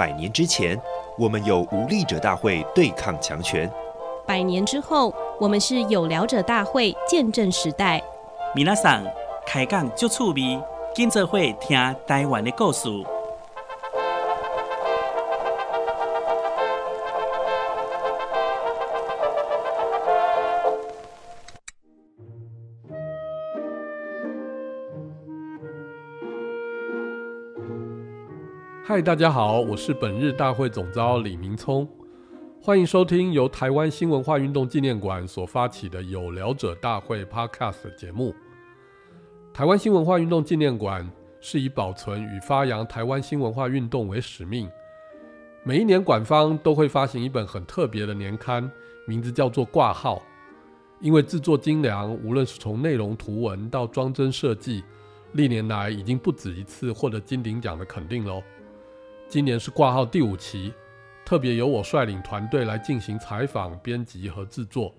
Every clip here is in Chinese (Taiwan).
百年之前，我們有無力者大會對抗強權；百年之後，我們是有聊者大會見證時代。米娜桑開講就趣味，今則會聽台灣的故事。嗨，Hi, 大家好，我是本日大會總召李明璁，歡迎收聽由台灣新文化運動紀念館所發起的有聊者大會 Podcast 的節目。台灣新文化運動紀念館是以保存與發揚台灣新文化運動為使命，每一年館方都會發行一本很特別的年刊，名字叫做《掛號》，因為制作精良，無論是從內容圖文到裝幀設計，歷年來已經不止一次獲得金鼎獎的肯定嘍。今年是掛號第五期，特別由我率領團隊來進行採訪、編輯和製作。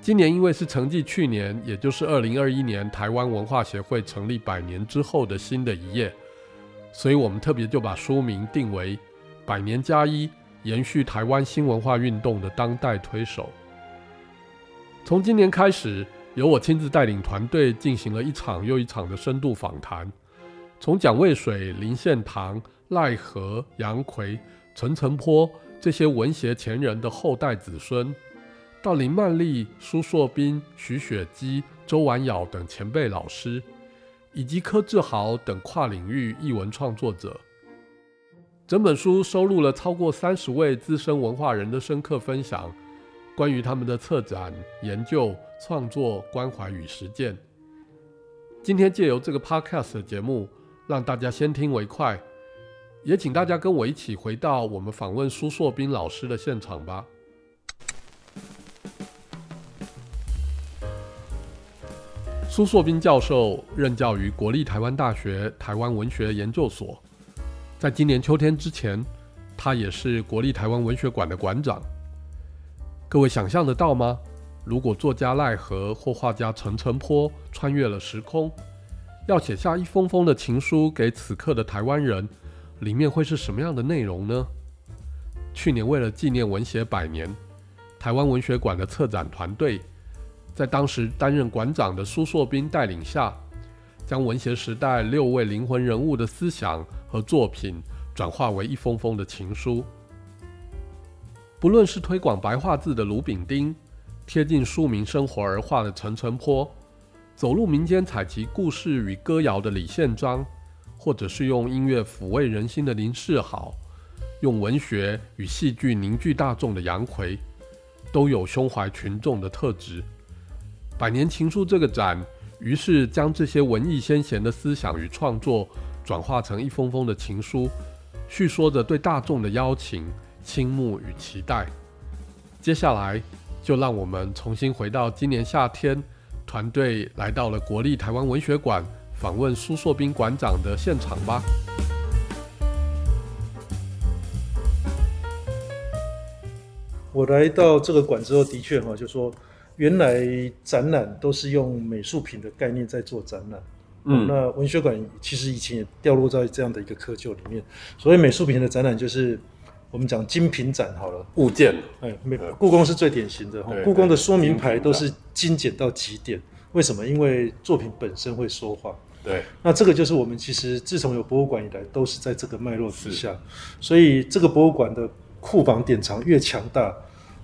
今年因為是成績，去年也就是二零二一年，台灣文化協會成立百年之後的新的一頁，所以我們特別就把書名定為《百年加一》，延續台灣新文化運動的當代推手。從今年開始，由我親自帶領團隊進行了一場又一場的深度訪談。從蔣渭水、林獻堂、賴和、楊逵、陳澄波這些文學前人的後代子孫，到林曼麗、蘇碩斌、許雪姬、周婉窈等前輩老師，以及柯志豪等跨領域藝文創作者，整本書收錄了超過三十位資深文化人的深刻分享，關於他們的策展、研究、創作、關懷與實踐。今天借由這個 Podcast 的節目。讓大家先聽為快，也請大家跟我一起回到我們訪問蘇碩斌老師的現場吧。蘇碩斌教授任教於國立台灣大學台灣文學研究所，在今年秋天之前，他也是國立台灣文學館的館長。各位想象得到嗎？如果作家賴和或畫家陳澄波穿越了時空，要寫下一封封的情書給此刻的台灣人，裡面會是什麼樣的內容呢？去年為了紀念文協百年，台灣文學館的策展團隊，在當時擔任館長的蘇碩斌帶領下，將文協時代六位靈魂人物的思想和作品，轉化為一封封的情書。不論是推廣白話字的盧丙丁，貼近庶民生活而畫的陳澄波。走入民間採集故事與歌謠的李獻璋，或者是用音樂撫慰人心的林氏好，用文學與戲劇凝聚大眾的楊逵，都有胸懷群眾的特質。百年情書這個展，於是將這些文藝先賢的思想與創作，轉化成一封封的情書，敘說着對大眾的邀請、傾慕與期待。接下來，就讓我們重新回到今年夏天。團隊來到了國立台灣文學館訪問蘇碩斌館長的現場吧。我來到這個館之後，的確哈、啊，就是、說原來展覽都是用美術品的概念在做展覽。嗯，嗯，那文學館其實以前也掉落在這樣的一個窠臼裡面，所以美術品的展覽就是。我們講精品展好了，物件，哎，故宮是最典型的，故宮的說明牌都是精簡到極點，為什麼？因為作品本身會說話。對，那這個就是我們其實自從有博物館以來，都是在這個脈絡之下，是所以這個博物館的庫房典藏越強大，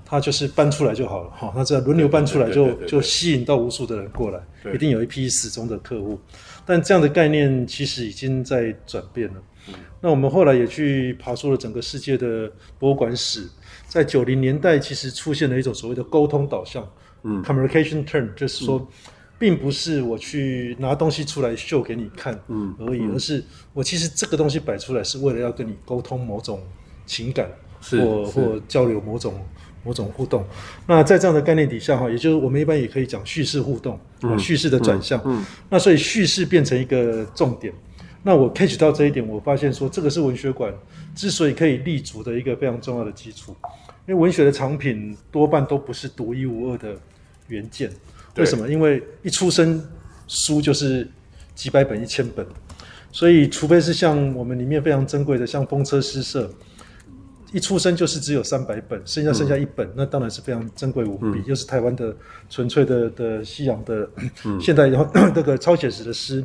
它就是搬出來就好了哈，那這輪流搬出來就就吸引到無數的人過來，一定有一批始終的客戶。但這樣的概念其實已經在轉變了。嗯、那我們後來也去爬梳了整個世界的博物館史，在九零年代其實出現了一種所謂的溝通導向，嗯，communication turn，就是說，並不是我去拿東西出來秀給你看嗯，嗯，而已，而是我其實這個東西擺出來是為了要跟你溝通某種情感或，或或交流某種。某種互動，那在這樣的概念底下，哈，也就是我們一般也可以講敘事互動，啊、嗯，敘事的轉向，嗯嗯、那所以敘事變成一個重點。那我 catch 到這一點，我發現說，這個是文學館之所以可以立足的一個非常重要的基礎，因為文學的藏品多半都不是獨一無二的原件。對為什麼？因為一出生書就是幾百本、一千本，所以除非是像我們裡面非常珍貴的，像風車詩社。一出生就是只有三百本，剩下剩下一本，嗯、那當然是非常珍貴無比，嗯、又是台灣的純粹的的西洋的、嗯、現代，然後那個超寫實的詩，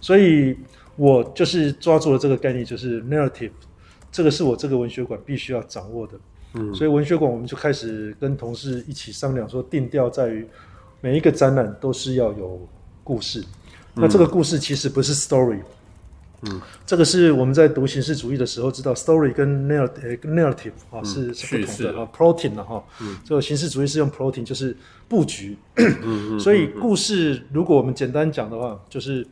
所以我就是抓住了這個概念，就是 narrative，這個是我這個文學館必須要掌握的。嗯、所以文學館我們就開始跟同事一起商量，說定調在於每一個展覽都是要有故事，那這個故事其實不是 story、嗯。嗯，這個是我們在讀形式主義的時候知道，story 跟 narr narrative 啊、嗯、是是不同的，是是 plotting 啊 plotting 的哈。這個、嗯、形式主義是用 plotting，就是布局。嗯嗯、 所以故事，如果我們簡單講的話，就是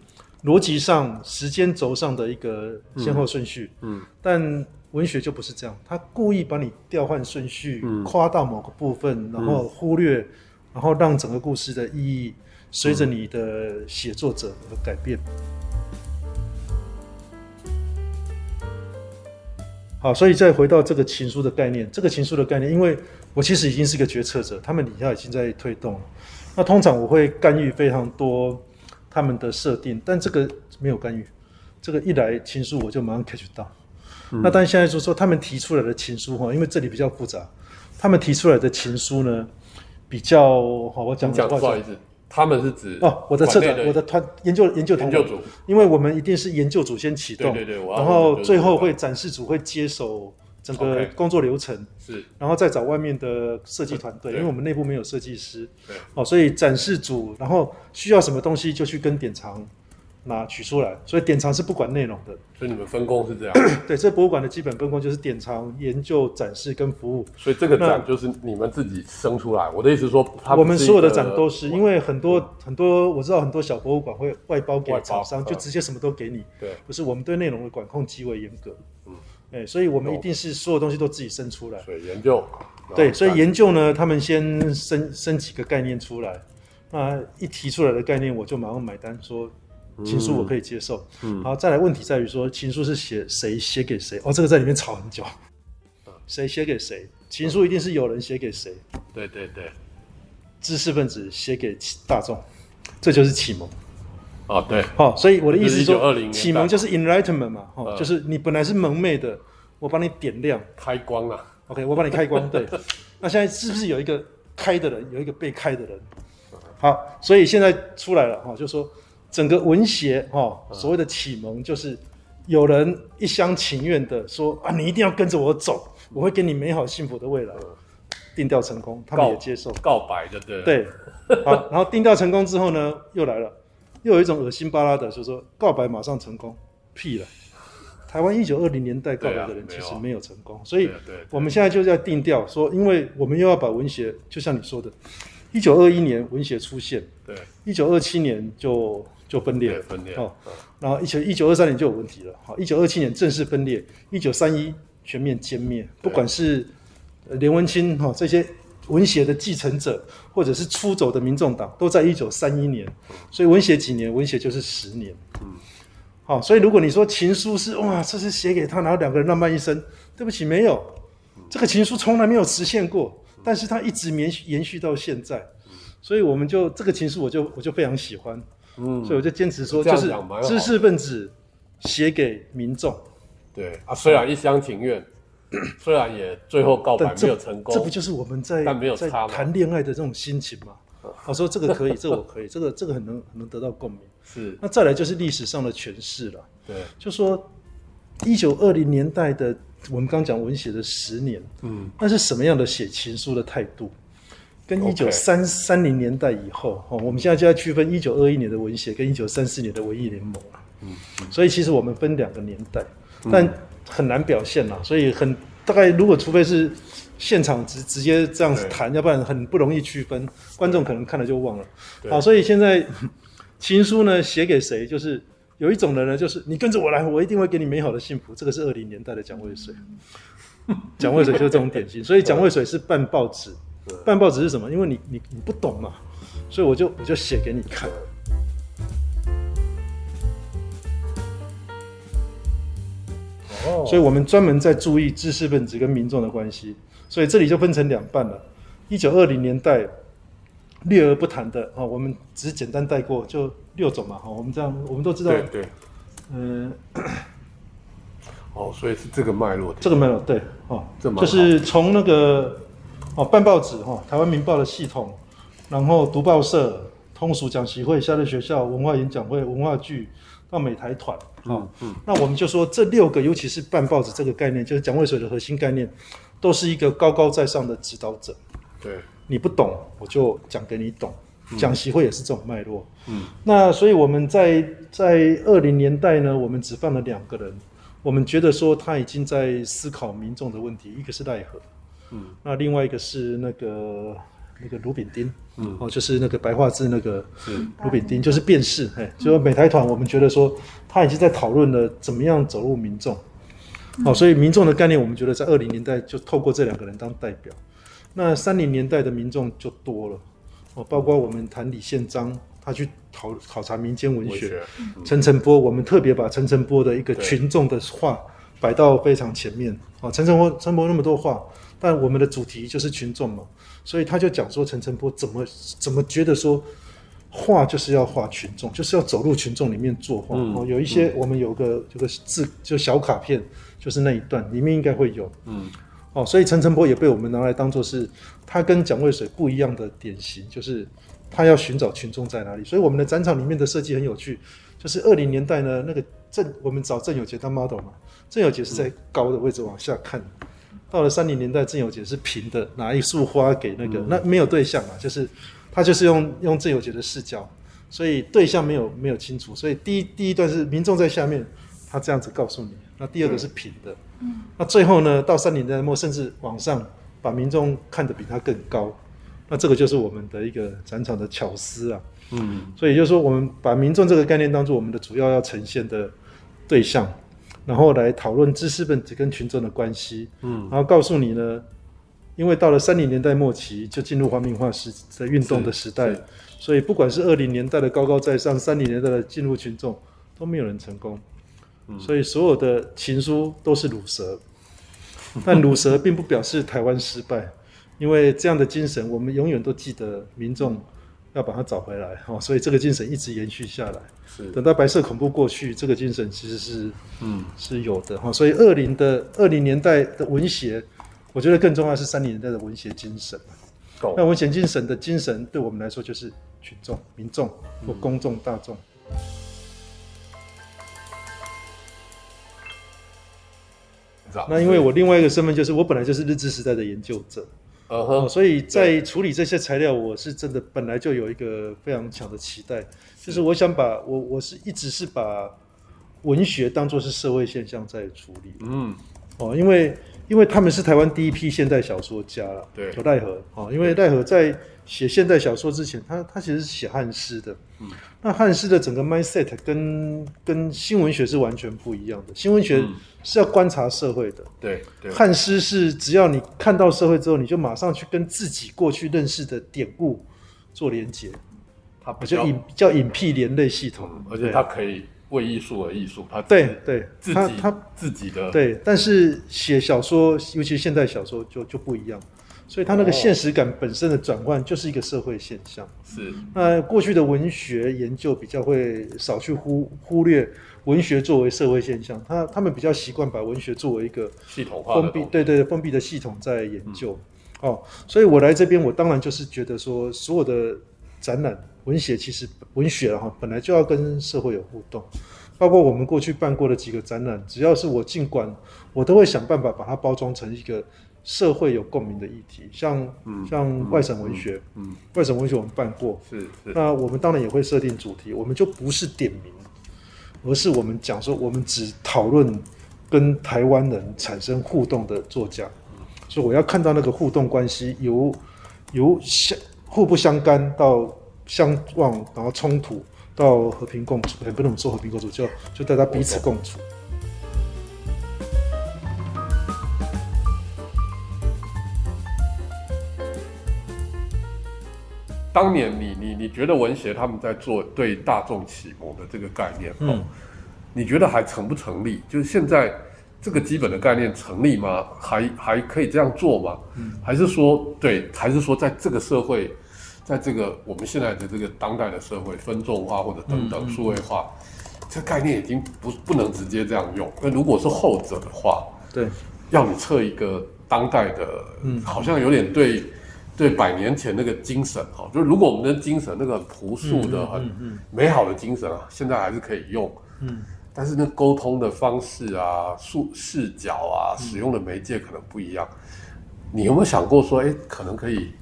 邏輯上、時間軸上的一個先後順序。嗯。嗯，但文學就不是這樣，他故意把你調換順序，嗯、誇到某個部分，然後忽略，嗯、然後讓整個故事的意義隨着你的寫作者而改變。好，所以再回到這個情書的概念。這個情書的概念，因為我其實已經是一個決策者，他們底下已經在推動了。那通常我會干預非常多他們的設定，但這個沒有干預。這個一來情書我就馬上 catch 到。嗯、那但是現在就說他們提出來的情書哈，因為這裡比較複雜，他們提出來的情書呢比較好，我講講話，不好意思。他們是指哦，我的策展，我的團研究研究團隊，因為我們一定是研究組先啟動，對對對，然後最後會展示組會接手整個工作流程，okay. 是，然後再找外面的設計團隊，對因為我們內部沒有設計師，對，對哦，所以展示組，然後需要什麼東西就去跟典藏。拿取出來，所以典藏是不管內容的。所以你們分工是這樣 對，這個、博物館的基本分工就是典藏、研究、展示跟服務。所以這個展那，就是你們自己生出來。我的意思說，我們所有的展都是因為很多、嗯、很多，我知道很多小博物館會外包給廠商，就直接什麼都給你。對、嗯，不是我們對內容的管控極為嚴格。嗯、欸，所以我們一定是所有東西都自己生出來。所以研究，對，所以研究呢，他們先生生幾個概念出來，那一提出來的概念，我就馬上買單說。情書我可以接受，嗯、好，再來問題在於說，情書是寫誰寫給誰哦，這個在裡面吵很久，誰寫給誰？情書一定是有人寫給誰、嗯？對對對，知識分子寫給大眾，這就是啟蒙。哦、啊、對，好、哦，所以我的意思是說，啟蒙就是 enlightenment 嘛，哈、哦，呃、就是你本來是蒙昧的，我幫你點亮，開光了、啊。OK，我幫你開光。對， 那現在是不是有一個開的人，有一個被開的人？嗯、好，所以現在出來了哈、哦，就說。整個文學，哈，所謂的啟蒙、嗯、就是有人一廂情願的說啊，你一定要跟着我走，我會給你美好幸福的未來。呃、定調成功，他們也接受告，告白的，對對。好，然後定調成功之後呢，又來了，又有一種惡心巴拉的，就是說，告白馬上成功，屁了！台灣一九二零年代告白的人其實沒有成功，啊啊、所以我們現在就是要定調說，因為我們又要把文學，就像你說的。一九二一年，文協出現；對，一九二七年就就分裂，對分裂哦。對然後一九一九二三年就有問題了。好，一九二七年正式分裂，一九三一全面殲滅。對不管是連溫卿哈、哦、這些文協的繼承者，或者是出走的民眾黨，都在一九三一年。所以文協幾年，文協就是十年。嗯，好、哦，所以如果你說情書是哇，這是寫給他，然後兩個人浪漫一生，對不起，沒有、嗯、這個情書從來沒有實現過。但是他一直延續延續到現在，嗯、所以我們就這個情書，我就我就非常喜歡，嗯，所以我就堅持說，就是知識分子寫給民眾，嗯、對啊，雖然一廂情願，嗯、雖然也最後告白沒有成功，但這,這不就是我們在,但沒有在談戀愛的這種心情嗎？我說這個可以，這個、我可以， 這個這個很能很能得到共鳴，是。那再來就是歷史上的詮釋了，對，就說一九二零年代的。我們剛講文協的十年，嗯，那是什麼樣的寫情書的態度？跟一九三三零年代以後、哦，我們現在就要區分一九二一年的文協跟一九三四年的文藝聯盟了嗯，嗯所以其實我們分兩個年代，但很難表現了，嗯、所以很大概，如果除非是現場直直接這樣子談，對要不然很不容易區分，觀眾可能看了就忘了，對好，所以現在情書呢，寫給誰就是。有一種人呢，就是你跟着我來，我一定會給你美好的幸福。這個是二零年代的蔣渭水，蔣渭 水就是這種典型。所以蔣渭水是辦報紙，對辦報紙是什麼？因為你你你不懂嘛，所以我就我就寫給你看。Oh. 所以我們專門在注意知識分子跟民眾的關係，所以這裡就分成兩半了。一九二零年代略而不談的啊、哦，我們只是簡單帶過就。六種嘛，哈，我們這樣，我們都知道，對對，嗯，呃、哦，所以是這個脈絡，這個脈絡對，哦，這，就是從那個哦辦報紙哈、哦，臺灣民報的系統，然後讀報社、通俗講習會、下列學校文化演講會、文化劇到美台團，啊、哦嗯，嗯，那我們就說這六個，尤其是辦報紙這個概念，就是蔣渭水的核心概念，都是一個高高在上的指導者，對，你不懂，我就講給你懂。講習會也是這種脈絡嗯，嗯，那所以我們在在二零年代呢，我們只放了兩個人，我們覺得說他已經在思考民眾的問題，一個是賴和。嗯，那另外一個是那個那個盧丙丁，嗯，哦，就是那個白話字那個，盧、嗯、丙丁就是辯士嘿，就是、嗯、就美台團，我們覺得說他已經在討論了怎麼樣走入民眾，嗯、哦，所以民眾的概念，我們覺得在二零年代就透過這兩個人當代表，那三零年代的民眾就多了。包括我們談李獻章，他去考考察民間文學，陳澄、嗯、波，我們特別把陳澄波的一個群眾的畫擺到非常前面。啊對，陳澄波，陳波那麼多畫，但我們的主題就是群眾嘛，所以他就講說陳澄波怎麼怎麼覺得說畫就是要畫群眾，就是要走入群眾裡面作畫、嗯哦。有一些我們有個、嗯、有個字，就小卡片，就是那一段裡面應該會有。嗯。哦，所以陳澄波也被我們拿來當做是他跟蔣渭水不一樣的典型，就是他要尋找群眾在哪裡。所以我們的展場裡面的設計很有趣，就是二零年代呢，那個鄭我們找鄭友杰當 model 嘛，鄭友杰是在高的位置往下看，嗯、到了三零年代，鄭友杰是平的，拿一束花給那個、嗯、那沒有對象嘛、啊，就是他就是用用鄭友杰的視角，所以對象沒有沒有清楚。所以第一第一段是民眾在下面，他這樣子告訴你，那第二個是平的，嗯、那最後呢，到三零年代末，甚至往上，把民眾看得比他更高，那這個就是我們的一個展場的巧思啊。嗯，所以就是說，我們把民眾這個概念當做我們的主要要呈現的對象，然後來討論知識分子跟群眾的關係。嗯，然後告訴你呢，因為到了三零年代末期，就進入平民化時的運動的時代，所以不管是二零年代的高高在上，三零年代的進入群眾，都沒有人成功。所以，所有的情書都是魯蛇，但魯蛇並不表示台灣失敗， 因為這樣的精神，我們永遠都記得，民眾要把它找回來。哈、哦，所以這個精神一直延續下來。是，等到白色恐怖過去，這個精神其實是嗯是有的。哈、哦，所以二零的二零年代的文學，我覺得更重要是三零年代的文學精神。Go. 那文學精神的精神，對我們來說就是群眾、民眾或公眾大眾。嗯那因為我另外一個身份就是我本來就是日治時代的研究者，uh huh, 哦，所以在處理這些材料，我是真的本來就有一個非常強的期待，是就是我想把我我是一直是把文學當作是社會現象在處理，嗯，哦，因為因為他們是台灣第一批現代小說家了，對，賴和，哦，因為賴和在。寫現代小說之前，他他其實是寫漢詩的。嗯，那漢詩的整個 mindset 跟跟新文學是完全不一樣的。新文學是要觀察社會的，嗯、對，對。漢詩是只要你看到社會之後，你就馬上去跟自己過去認識的典故做連結。他不叫隱，叫隱蔽連類系統，而且他可以為藝術而藝術。它對對，對自己他它他他自己的對，但是寫小說，尤其是現代小說，就就不一樣。所以他那個現實感本身的轉換，就是一個社會現象。哦、是，那過去的文學研究比較會少去忽忽略文學作為社會現象，他他們比較習慣把文學作為一個系統化的封閉，對對，對封閉的系統在研究。嗯、哦，所以我來這邊，我當然就是覺得說，所有的展覽，文學其實文學哈、啊、本來就要跟社會有互動，包括我們過去辦過的幾個展覽，只要是我儘管我都會想辦法把它包裝成一個。社會有共鳴的議題，像、嗯、像外省文學，嗯嗯嗯、外省文學我們辦過，是是，那我們當然也會設定主題，我們就不是點名，而是我們講說，我們只討論跟台灣人產生互動的作家，所以我要看到那個互動關係，由由相互不相干到相望，然後衝突到和平共處，也、哎、不能說和平共處，就就大家彼此共處。當年你你你覺得文協他們在做對大眾啟蒙的這個概念，哦，你覺得還成不成立？就是現在這個基本的概念成立嗎還？還還可以這樣做嗎？還是說對？還是說在這個社會，在這個我們現在的這個當代的社會，分眾化或者等等數位化，這概念已經不不能直接這樣用。那如果是後者的話，對，要你測一個當代的，嗯，好像有點對。對，百年前那個精神哈，就是如果我們的精神那個樸素的、嗯嗯嗯、很美好的精神啊，現在還是可以用。嗯，但是那溝通的方式啊、視視角啊、使用的媒介可能不一樣。嗯、你有沒有想過說，誒，可能可以，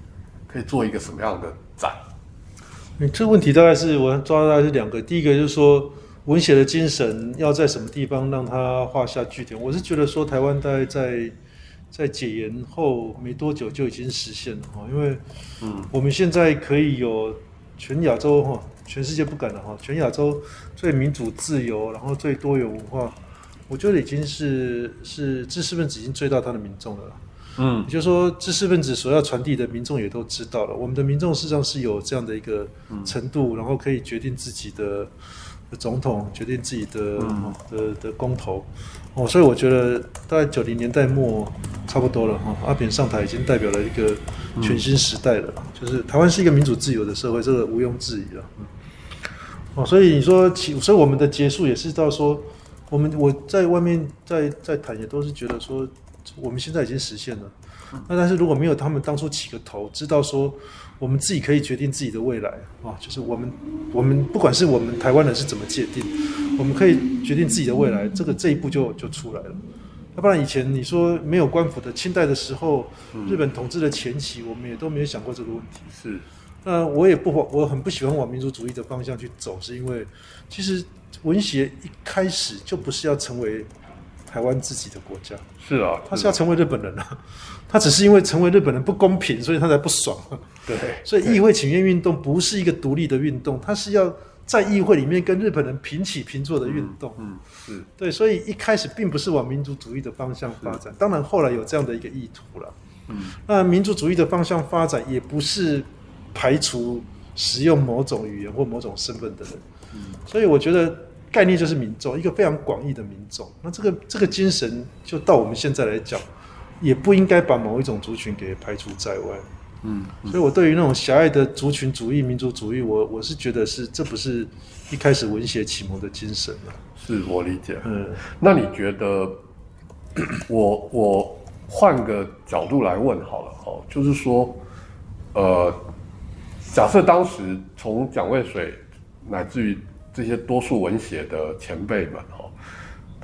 可以做一個什麼樣的展？嗯、這個問題大概是，我抓到大概是兩個，第一個就是說，文學的精神要在什麼地方讓它畫下句點？我是覺得說，台灣大概在。在解嚴後沒多久就已經實現了哈，因為，嗯，我們現在可以有全亞洲哈，全世界不敢了。哈，全亞洲最民主自由，然後最多元文化，我覺得已經是是知識分子已經追到他的民眾了，嗯，也就是說知識分子所要傳遞的民眾也都知道了，我們的民眾事實上是有這樣的一個程度，嗯，然後可以決定自己的。總統決定自己的、嗯、的的公投，哦，所以我覺得大概九零年代末差不多了哈、啊。阿扁上台已經代表了一個全新時代了，嗯，就是台灣是一個民主自由的社會，這個毋庸置疑了。哦，所以你說，所以我們的結束也是到說，我們我在外面在在談也都是覺得說，我們現在已經實現了。那但是如果沒有他們當初起個頭，知道說我們自己可以決定自己的未來啊，就是我們我們不管是我們台灣人是怎麼界定，我們可以決定自己的未來，這個這一步就就出來了。那不然以前你說沒有官府的清代的時候，日本統治的前期，我們也都沒有想過這個問題。是啊，那，啊，呃，我也不我很不喜歡往民族主、主義的方向去走，是因為其實文協一開始就不是要成為台灣自己的國家，是啊，他是，啊，是要成為日本人啊。他只是因為成為日本人不公平，所以他才不爽。對，所以議會請願運動不是一個獨立的運動，它是要在議會裡面跟日本人平起平坐的運動嗯。嗯，對，所以一開始並不是往民族主義的方向發展，是當然後來有這樣的一個意圖了。嗯，那民族主義的方向發展也不是排除使用某種語言或某種身份的人。嗯，所以我覺得概念就是民眾，一個非常廣義的民眾。那這個這個精神，就到我們現在來講。也不應該把某一種族群給排除在外，嗯，嗯，所以，我對於那種狹隘的族群主義、民族主義，我我是覺得是，這不是一開始文學啟蒙的精神了。是我理解。嗯，那你覺得，我我換個角度來問好了，哦，就是說，呃，假設當時從蔣渭水乃至於這些多數文學的前輩們，哈。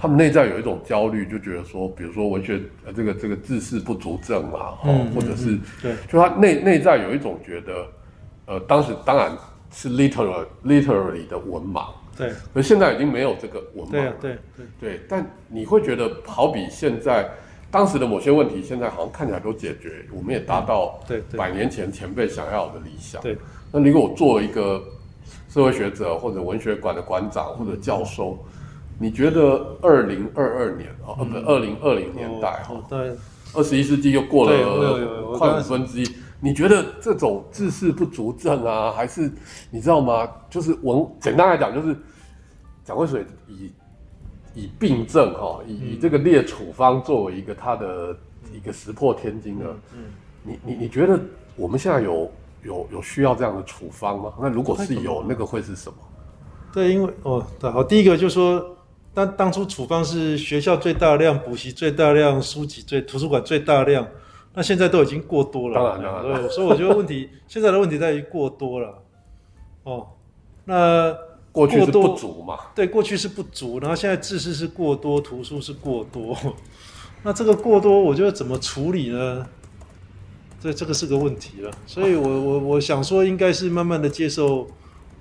他們內在有一種焦慮，就覺得說，比如說文學，呃，這個這個智識不足症啊，哦嗯、或者是、嗯嗯、對，就他內內在有一種覺得，呃，當時當然是 literally literally 的文盲，對，可是現在已經沒有這個文盲對、啊，對對對，但你會覺得，好比現在當時的某些問題，現在好像看起來都解決，我們、嗯、也達到對百年前前輩想要的理想，對，那如果我做一個社會學者或者文學館的館長或者教授。嗯嗯你覺得二零二二年啊、嗯哦，不，二零二零年代哈，嗯哦、對，二十一世紀又過了快五分之一，你覺得這種智識不足症啊，還是你知道嗎？就是我簡單來講，就是蔣渭水以以病症哈，以以這個列處方作為一個他的一個石破天驚的，嗯，你嗯你你覺得我們現在有有有需要這樣的處方嗎？那如果是有，那個會是什麼？對，因為哦，對，好，第一個就是說。但當初處方是學校最大量，補習最大量，書籍最圖書館最大量，那現在都已經過多了。當然了，對，所以我覺得問題現在的問題在於過多了。哦，那過去是不足嘛？對，過去是不足，然後現在知識是過多，圖書是過多。 那這個過多，我覺得怎麼處理呢？對，這個是個問題了。所以我我我想說，應該是慢慢的接受。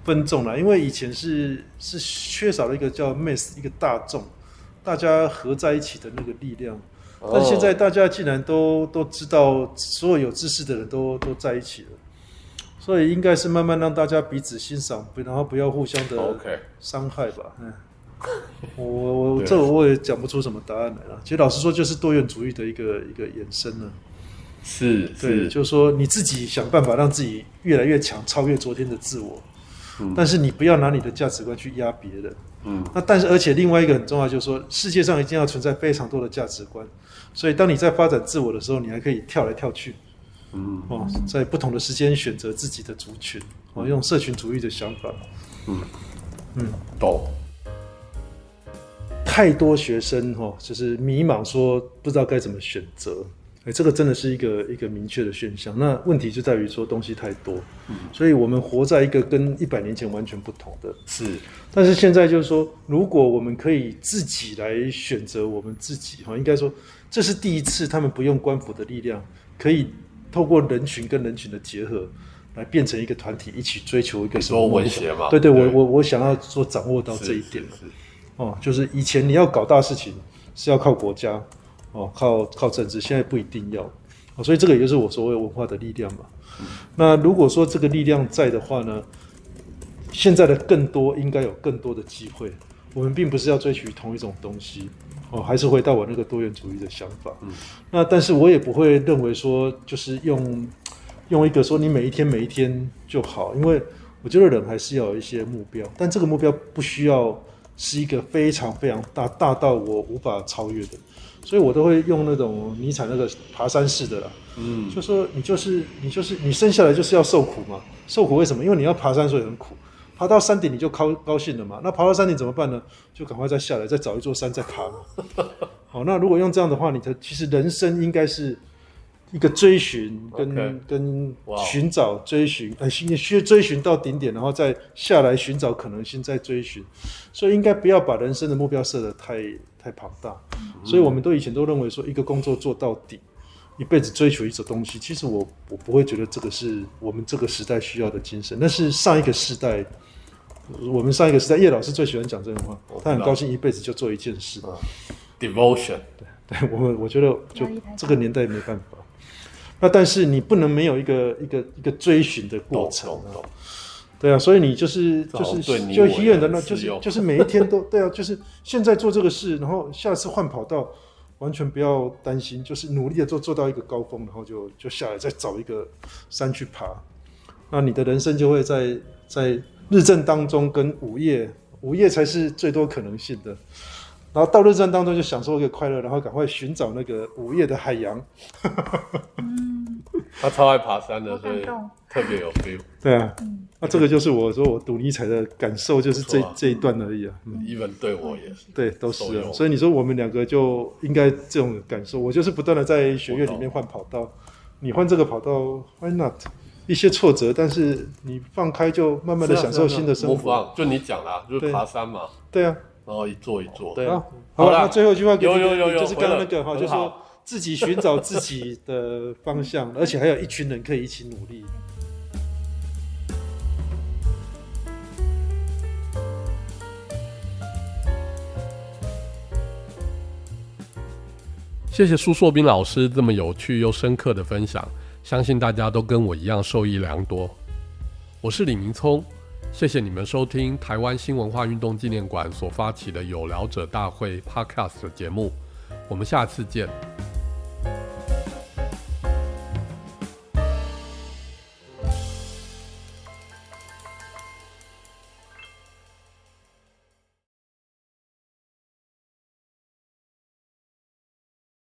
分眾了，因為以前是是缺少了一個叫 mass 一個大眾，大家合在一起的那個力量。Oh. 但現在大家既然都都知道，所有有知識的人都都在一起了，所以應該是慢慢讓大家彼此欣賞，然後不要互相的傷害吧。嗯、oh, okay.，我我 Okay. 這我也講不出什麼答案來了。其實老實說，就是多元主義的一個一個延伸了。是，對，是就是說你自己想辦法讓自己越來越強，超越昨天的自我。但是你不要拿你的價值觀去壓別人。嗯，那但是而且另外一個很重要就是說，世界上一定要存在非常多的價值觀，所以當你在發展自我的時候，你還可以跳來跳去。嗯哦，在不同的時間選擇自己的族群。哦，用社群主義的想法。嗯嗯。嗯，懂。太多學生哈、哦，就是迷茫，說不知道該怎麼選擇。哎、欸，這個真的是一個一個明確的現象。那問題就在於說，東西太多，嗯，所以我們活在一個跟一百年前完全不同的。是，但是現在就是說，如果我們可以自己來選擇我們自己，哈，應該說這是第一次，他們不用官府的力量，可以透過人群跟人群的結合，來變成一個團體，一起追求一個什麼？文學嘛？對，對對，對我我我想要說掌握到這一點哦、嗯，就是以前你要搞大事情是要靠國家。哦，靠靠政治，現在不一定要，哦，所以這個也就是我所謂文化的力量嘛。嗯。那如果說這個力量在的話呢，現在的更多應該有更多的機會。我們並不是要追求同一種東西，哦，還是回到我那個多元主義的想法。嗯。那但是我也不會認為說，就是用用一個說你每一天每一天就好，因為我覺得人還是要有一些目標，但這個目標不需要是一個非常非常大，大到我無法超越的。所以我都會用那種尼采那個爬山式的啦，嗯，就說你就是你就是你生下來就是要受苦嘛。受苦為什麼？因為你要爬山所以很苦，爬到山頂你就高高興了嘛，那爬到山頂怎麼辦呢？就趕快再下來，再找一座山再爬嘛。 好，那如果用這樣的話，你的其實人生應該是。一個追尋跟 Okay. Wow. 跟尋找追尋，哎，尋需要追尋到頂點，然後再下來尋找可能性，再追尋。所以應該不要把人生的目標設得太太龐大。Mm hmm. 所以我們都以前都認為說，一個工作做到底，一輩子追求一種東西。其實我我不會覺得這個是我們這個時代需要的精神。那是上一個時代，我們上一個時代，葉老師最喜歡講這種話，oh, 他很高興一輩子就做一件事。Uh, Devotion，對，對，我我覺得就這個年代沒辦法。那但是你不能沒有一個一個一個追尋的過程，啊，對啊，所以你就是早 就是就永遠的，那就是就是每一天都對啊，就是現在做這個事，然後下次換跑道， 完全不要擔心，就是努力的做做到一個高峰，然後就就下來再找一個山去爬，那你的人生就會在在日正當中跟午夜，午夜才是最多可能性的。然後到熱戰當中就享受一個快樂，然後趕快尋找那個午夜的海洋。他超愛爬山的，所以特別有 feel。對啊，那這個就是我說我讀尼采的感受，就是這這一段而已啊。even 對我也是，對都是哦。所以你說我們兩個就應該這種感受。我就是不斷的在學業裡面換跑道，你換這個跑道，Why not？一些挫折，但是你放開就慢慢的享受新的生活。就你講啦，就是爬山嘛。對啊。然後一座一座、哦，對，啊、好了，好啦最後一句話跟你跟你有有有有，你就是剛剛那個，好了、哦，就是、說自己尋找自己的方向，很好 而且還有一群人可以一起努力。 謝謝蘇碩斌老師這麼有趣又深刻的分享，相信大家都跟我一樣受益良多。我是李明聰李明璁。謝謝你們收聽臺灣新文化運動紀念館所發起的“有聊者大會 ”Podcast 的節目，我們下次見。